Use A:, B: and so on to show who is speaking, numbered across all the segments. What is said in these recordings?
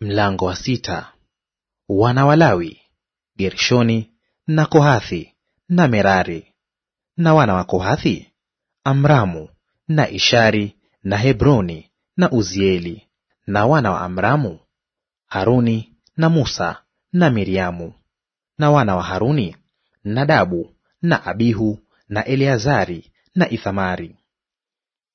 A: Mlango wa sita. Wana wa Lawi, Gershoni na Kohathi na Merari. Na wana wa Kohathi, Amramu na Ishari na Hebroni na Uzieli. Na wana wa Amramu, Haruni na Musa na Miriamu. Na wana wa Haruni, Nadabu na Abihu na Eleazari na Ithamari.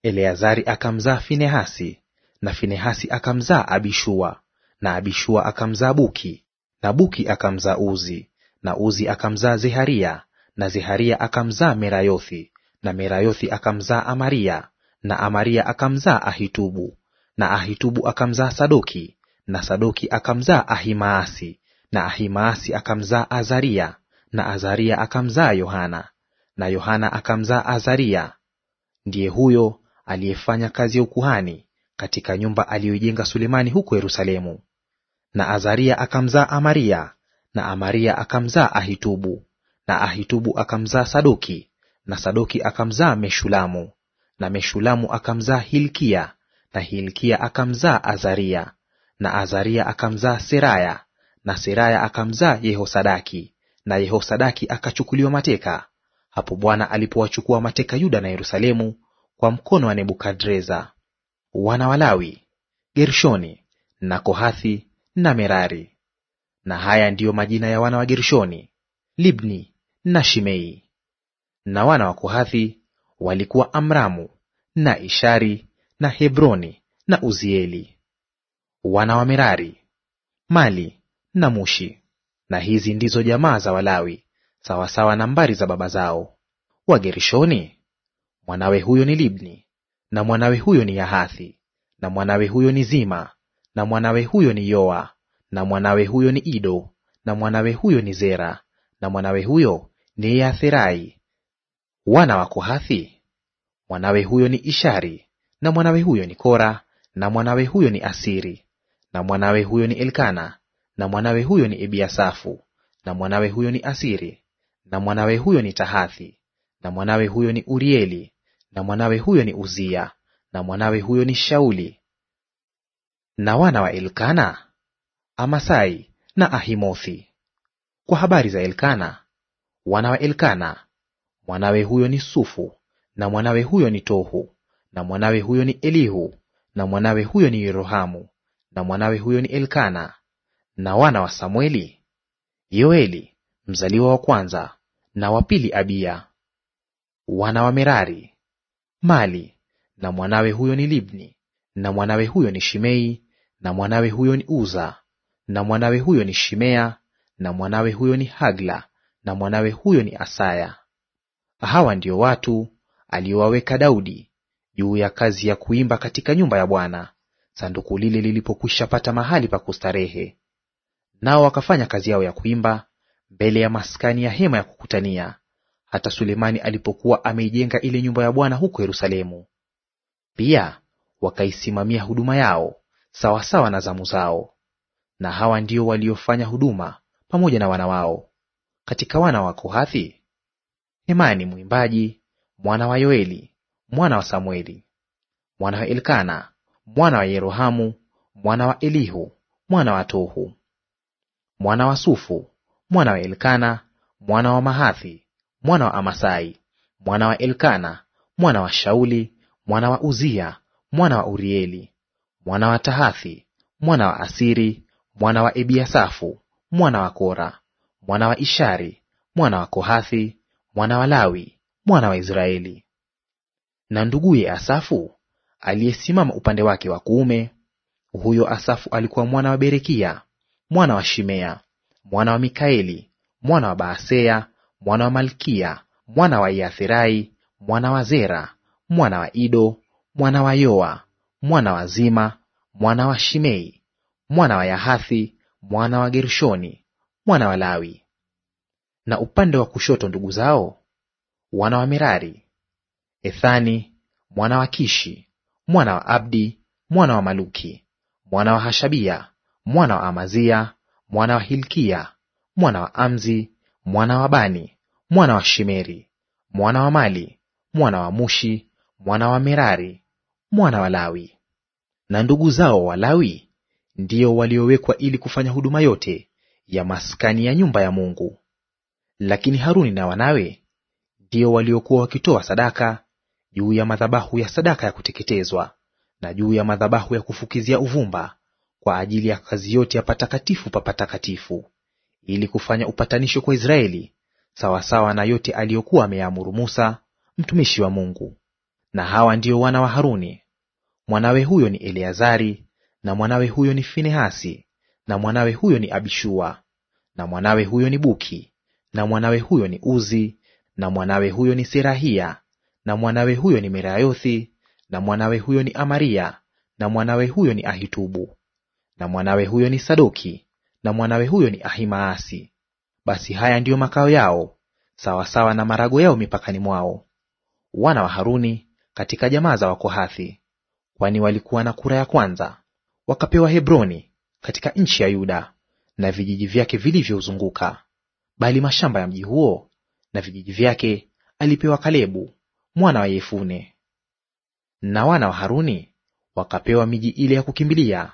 A: Eleazari akamzaa Finehasi na Finehasi akamzaa Abishua na Abishua akamzaa Buki, na Buki akamzaa Uzi, na Uzi akamzaa Zeharia, na Zeharia akamzaa Merayothi, na Merayothi akamzaa Amaria, na Amaria akamzaa Ahitubu, na Ahitubu akamzaa Sadoki, na Sadoki akamzaa Ahimaasi, na Ahimaasi akamzaa Azaria, na Azaria akamzaa Yohana, na Yohana akamzaa Azaria. Ndiye huyo aliyefanya kazi ya ukuhani katika nyumba aliyoijenga Sulemani huko Yerusalemu na Azaria akamzaa Amaria, na Amaria akamzaa Ahitubu, na Ahitubu akamzaa Sadoki, na Sadoki akamzaa Meshulamu, na Meshulamu akamzaa Hilkia, na Hilkia akamzaa Azaria, na Azaria akamzaa Seraya, na Seraya akamzaa Yehosadaki, na Yehosadaki akachukuliwa mateka, hapo Bwana alipowachukua mateka Yuda na Yerusalemu kwa mkono wa Nebukadreza. Wana wa Lawi, Gershoni na Kohathi na Merari. Na haya ndiyo majina ya wana wa Gershoni, Libni na Shimei. Na wana wa Kohathi walikuwa Amramu na Ishari na Hebroni na Uzieli. Wana wa Merari, Mali na Mushi. Na hizi ndizo jamaa za Walawi sawasawa na mbari za baba zao. Wa Gershoni, mwanawe huyo ni Libni, na mwanawe huyo ni Yahathi, na mwanawe huyo ni Zima, na mwanawe huyo ni Yoa, na mwanawe huyo ni Ido, na mwanawe huyo ni Zera, na mwanawe huyo ni Yeatherai. Wana wa Kohathi, mwanawe huyo ni Ishari, na mwanawe huyo ni Kora, na mwanawe huyo ni Asiri, na mwanawe huyo ni Elkana, na mwanawe huyo ni Ebiasafu, na mwanawe huyo ni Asiri, na mwanawe huyo ni Tahathi, na mwanawe huyo ni Urieli, na mwanawe huyo ni Uzia, na mwanawe huyo ni Shauli, na wana wa Elkana, Amasai na Ahimothi. Kwa habari za Elkana, wana wa Elkana, mwanawe huyo ni Sufu, na mwanawe huyo ni Tohu, na mwanawe huyo ni Elihu, na mwanawe huyo ni Yerohamu, na mwanawe huyo ni Elkana. Na wana wa Samueli, Yoeli mzaliwa wa kwanza, na wa pili Abiya. Wana wa Merari, Mali, na mwanawe huyo ni Libni, na mwanawe huyo ni Shimei, na mwanawe huyo ni Uza, na mwanawe huyo ni Shimea, na mwanawe huyo ni Hagla, na mwanawe huyo ni Asaya. Hawa ndio watu aliowaweka Daudi juu ya kazi ya kuimba katika nyumba ya Bwana, sanduku lile lilipokwisha pata mahali pa kustarehe. Nao wakafanya kazi yao ya kuimba mbele ya maskani ya hema ya kukutania, hata Sulemani alipokuwa ameijenga ile nyumba ya Bwana huko Yerusalemu. Pia wakaisimamia huduma yao sawasawa na zamu zao. Na hawa ndio waliofanya huduma pamoja na wana wao. Katika wana wa Kohathi, Hemani mwimbaji, mwana wa Yoeli, mwana wa Samueli, mwana wa Elkana, mwana wa Yerohamu, mwana wa Elihu, mwana wa Tohu, mwana wa Sufu, mwana wa Elkana, mwana wa Mahathi, mwana wa Amasai, mwana wa Elkana, mwana wa Shauli, mwana wa Uzia, mwana wa Urieli, mwana wa Tahathi, mwana wa Asiri, mwana wa Ebiasafu, mwana wa Kora, mwana wa Ishari, mwana wa Kohathi, mwana wa Lawi, mwana wa Israeli. Na nduguye Asafu aliyesimama upande wake wa kuume, huyo Asafu alikuwa mwana wa Berekia, mwana wa Shimea, mwana wa Mikaeli, mwana wa baasea mwana wa Malkia, mwana wa yathirai mwana wa Zera, mwana wa Ido, mwana wa Yoa, mwana wa Zima, mwana wa Shimei, mwana wa Yahathi, mwana wa Gershoni, mwana wa Lawi. Na upande wa kushoto ndugu zao wana wa Merari, Ethani mwana wa Kishi, mwana wa Abdi, mwana wa Maluki, mwana wa Hashabia, mwana wa Amazia, mwana wa Hilkia, mwana wa Amzi, mwana wa Bani, mwana wa Shimeri, mwana wa Mali, mwana wa Mushi, mwana wa Merari, mwana wa Lawi. Na ndugu zao wa lawi ndio waliowekwa ili kufanya huduma yote ya maskani ya nyumba ya Mungu. Lakini Haruni na wanawe ndio waliokuwa wakitoa sadaka juu ya madhabahu ya sadaka ya kuteketezwa na juu ya madhabahu ya kufukizia uvumba kwa ajili ya kazi yote ya patakatifu pa patakatifu, ili kufanya upatanisho kwa Israeli sawasawa na yote aliyokuwa ameamuru Musa mtumishi wa Mungu. Na hawa ndio wana wa Haruni Mwanawe huyo ni Eleazari, na mwanawe huyo ni Finehasi, na mwanawe huyo ni Abishua, na mwanawe huyo ni Buki, na mwanawe huyo ni Uzi, na mwanawe huyo ni Serahia, na mwanawe huyo ni Merayothi, na mwanawe huyo ni Amaria, na mwanawe huyo ni Ahitubu, na mwanawe huyo ni Sadoki, na mwanawe huyo ni Ahimaasi. Basi haya ndiyo makao yao sawasawa na marago yao mipakani mwao. Wana wa Haruni katika jamaa za Wakohathi kwani walikuwa na kura ya kwanza. Wakapewa Hebroni katika nchi ya Yuda na vijiji vyake vilivyozunguka bali mashamba ya mji huo na vijiji vyake alipewa Kalebu mwana wa Yefune. Na wana wa Haruni wakapewa miji ile ya kukimbilia,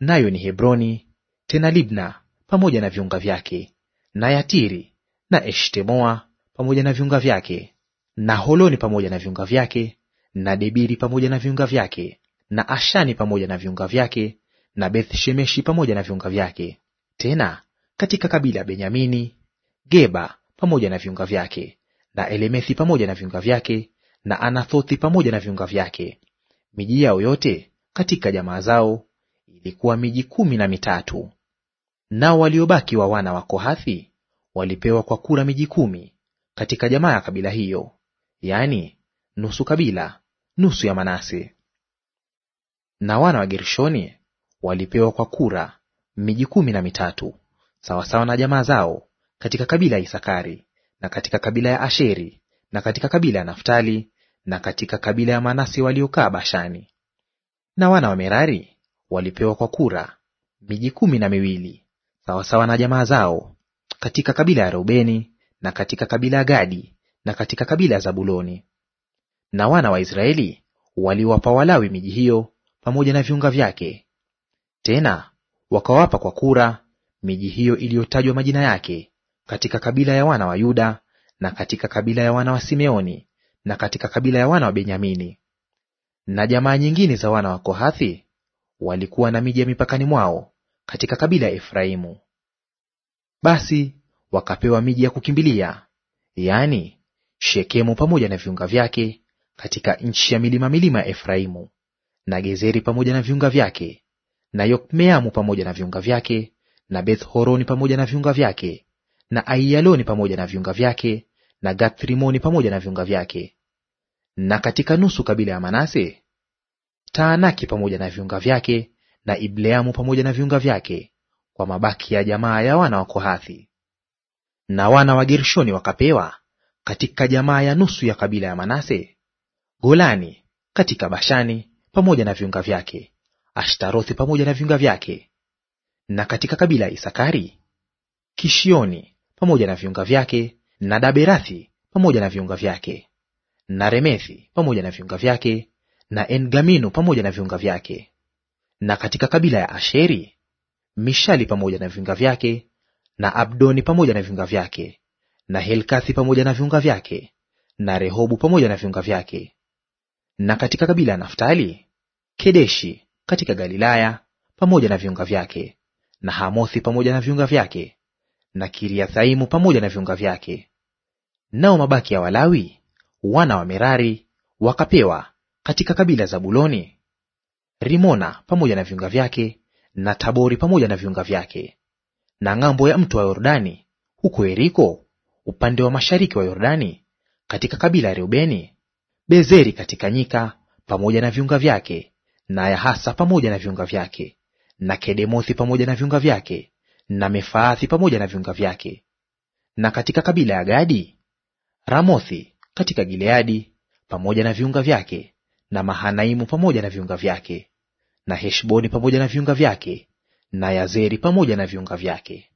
A: nayo ni Hebroni, tena Libna pamoja na viunga vyake, na Yatiri na Eshtemoa pamoja na viunga vyake, na Holoni pamoja na viunga vyake, na Debiri pamoja na viunga vyake, na Ashani pamoja na viunga vyake, na Beth-Shemeshi pamoja na viunga vyake; tena katika kabila ya Benyamini, Geba pamoja na viunga vyake, na Elemethi pamoja na viunga vyake, na Anathothi pamoja na viunga vyake. Miji yao yote katika jamaa zao ilikuwa miji kumi na mitatu. Nao waliobaki wa wana wa Kohathi walipewa kwa kura miji kumi katika jamaa ya kabila hiyo, yaani nusu kabila, nusu ya Manase. Na wana wa Gershoni walipewa kwa kura miji kumi na mitatu sawasawa na jamaa zao, katika kabila ya Isakari na katika kabila ya Asheri na katika kabila ya Naftali na katika kabila ya Manase waliokaa Bashani. Na wana wa Merari walipewa kwa kura miji kumi na miwili sawasawa na jamaa zao, katika kabila ya Reubeni na katika kabila ya Gadi na katika kabila ya Zabuloni. Na wana wa Israeli waliwapa Walawi miji hiyo pamoja na viunga vyake. Tena wakawapa kwa kura miji hiyo iliyotajwa majina yake, katika kabila ya wana wa Yuda na katika kabila ya wana wa Simeoni na katika kabila ya wana wa Benyamini. Na jamaa nyingine za wana wa Kohathi walikuwa na miji ya mipakani mwao katika kabila ya Efraimu. Basi wakapewa miji ya kukimbilia, yaani Shekemu pamoja na viunga vyake katika nchi ya milima milima ya Efraimu na Gezeri pamoja na viunga vyake, na Yokmeamu pamoja na viunga vyake, na Beth-horoni pamoja na viunga vyake, na Aiyaloni pamoja na viunga vyake, na Gathrimoni pamoja na viunga vyake. Na katika nusu kabila ya Manase, Taanaki pamoja na viunga vyake, na Ibleamu pamoja na viunga vyake, kwa mabaki ya jamaa ya wana wa Kohathi. Na wana wa Gershoni wakapewa katika jamaa ya nusu ya kabila ya Manase, Golani katika Bashani pamoja na viunga vyake, Ashtarothi pamoja na viunga vyake; na katika kabila ya Isakari, Kishioni pamoja na viunga vyake, na Daberathi pamoja na viunga vyake, na Remethi pamoja na viunga vyake, na Engaminu pamoja na viunga vyake; na katika kabila ya Asheri, Mishali pamoja na viunga vyake, na Abdoni pamoja na viunga vyake, na Helkathi pamoja na viunga vyake, na Rehobu pamoja na viunga vyake; na katika kabila ya Naftali Kedeshi katika Galilaya pamoja na viunga vyake, na Hamothi pamoja na viunga vyake, na Kiriathaimu pamoja na viunga vyake. Nao mabaki ya Walawi wana wa Merari wakapewa katika kabila za Buloni Rimona pamoja na viunga vyake, na Tabori pamoja na viunga vyake, na ng'ambo ya mto wa Yordani huko Yeriko upande wa mashariki wa Yordani katika kabila ya Reubeni, Bezeri katika nyika pamoja na viunga vyake na Yahasa pamoja na viunga vyake, na Kedemothi pamoja na viunga vyake, na Mefaathi pamoja na viunga vyake. Na katika kabila ya Gadi, Ramothi katika Gileadi pamoja na viunga vyake, na Mahanaimu pamoja na viunga vyake, na Heshboni pamoja na viunga vyake, na Yazeri pamoja na viunga vyake.